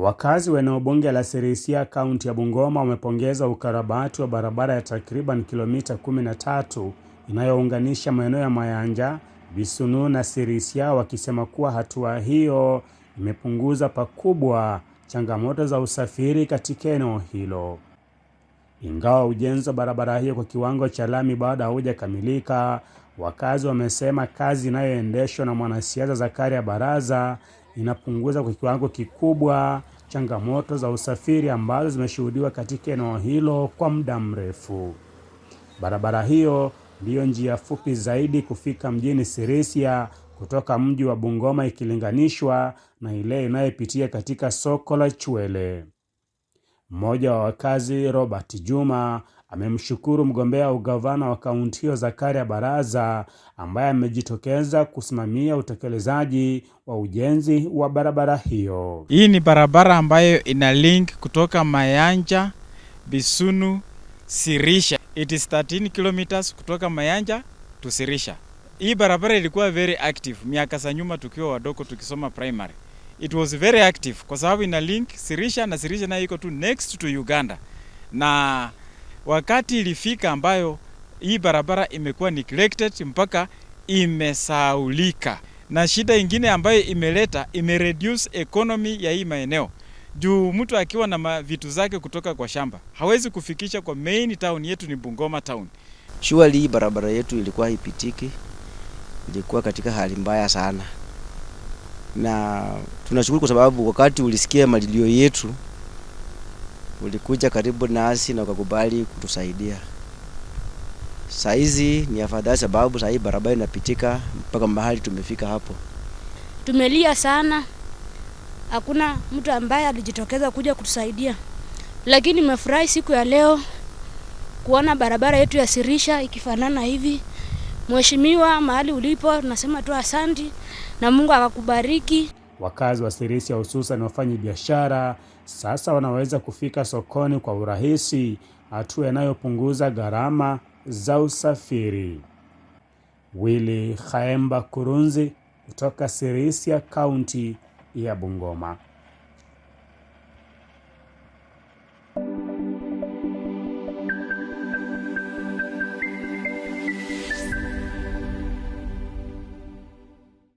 Wakazi wa eneo bunge la Sirisia kaunti ya Bungoma wamepongeza ukarabati wa barabara ya takriban kilomita 13 inayounganisha maeneo ya Mayanja, Visunu na Sirisia wakisema kuwa hatua hiyo imepunguza pakubwa changamoto za usafiri katika eneo hilo. Ingawa ujenzi wa barabara hiyo kwa kiwango cha lami bado haujakamilika, wakazi wamesema kazi inayoendeshwa na mwanasiasa Zakaria Baraza inapunguza kwa kiwango kikubwa changamoto za usafiri ambazo zimeshuhudiwa katika eneo hilo kwa muda mrefu. Barabara hiyo ndiyo njia fupi zaidi kufika mjini Sirisia kutoka mji wa Bungoma ikilinganishwa na ile inayopitia katika soko la Chwele. Mmoja wa wakazi Robert Juma amemshukuru mgombea ugavana wa kaunti hiyo Zakaria Baraza ambaye amejitokeza kusimamia utekelezaji wa ujenzi wa barabara hiyo. Hii ni barabara ambayo ina link kutoka Mayanja, Bisunu, Sirisha. It is 13 kilometers kutoka Mayanja to Sirisha. Hii barabara ilikuwa very active miaka za nyuma tukiwa wadogo tukisoma primary. It was very active kwa sababu ina link Sirisha na Sirisha nayo iko tu next to Uganda na wakati ilifika ambayo hii barabara imekuwa neglected mpaka imesaulika. Na shida ingine ambayo imeleta imereduce economy ya hii maeneo juu mtu akiwa na vitu zake kutoka kwa shamba hawezi kufikisha kwa main town yetu ni Bungoma town. Shuali, hii barabara yetu ilikuwa haipitiki, ilikuwa katika hali mbaya sana, na tunashukuru kwa sababu wakati ulisikia malilio yetu ulikuja karibu nasi na ukakubali kutusaidia. Saizi ni afadhali, sababu sahii barabara inapitika mpaka mahali tumefika hapo. Tumelia sana, hakuna mtu ambaye alijitokeza kuja kutusaidia, lakini nimefurahi siku ya leo kuona barabara yetu ya Sirisha ikifanana hivi. Mheshimiwa, mahali ulipo, tunasema tu asanti na Mungu akakubariki. Wakazi wa Sirisia hususan wafanya biashara sasa wanaweza kufika sokoni kwa urahisi, hatua inayopunguza gharama za usafiri. Willy Khaemba Kurunzi kutoka Sirisia, kaunti ya Bungoma.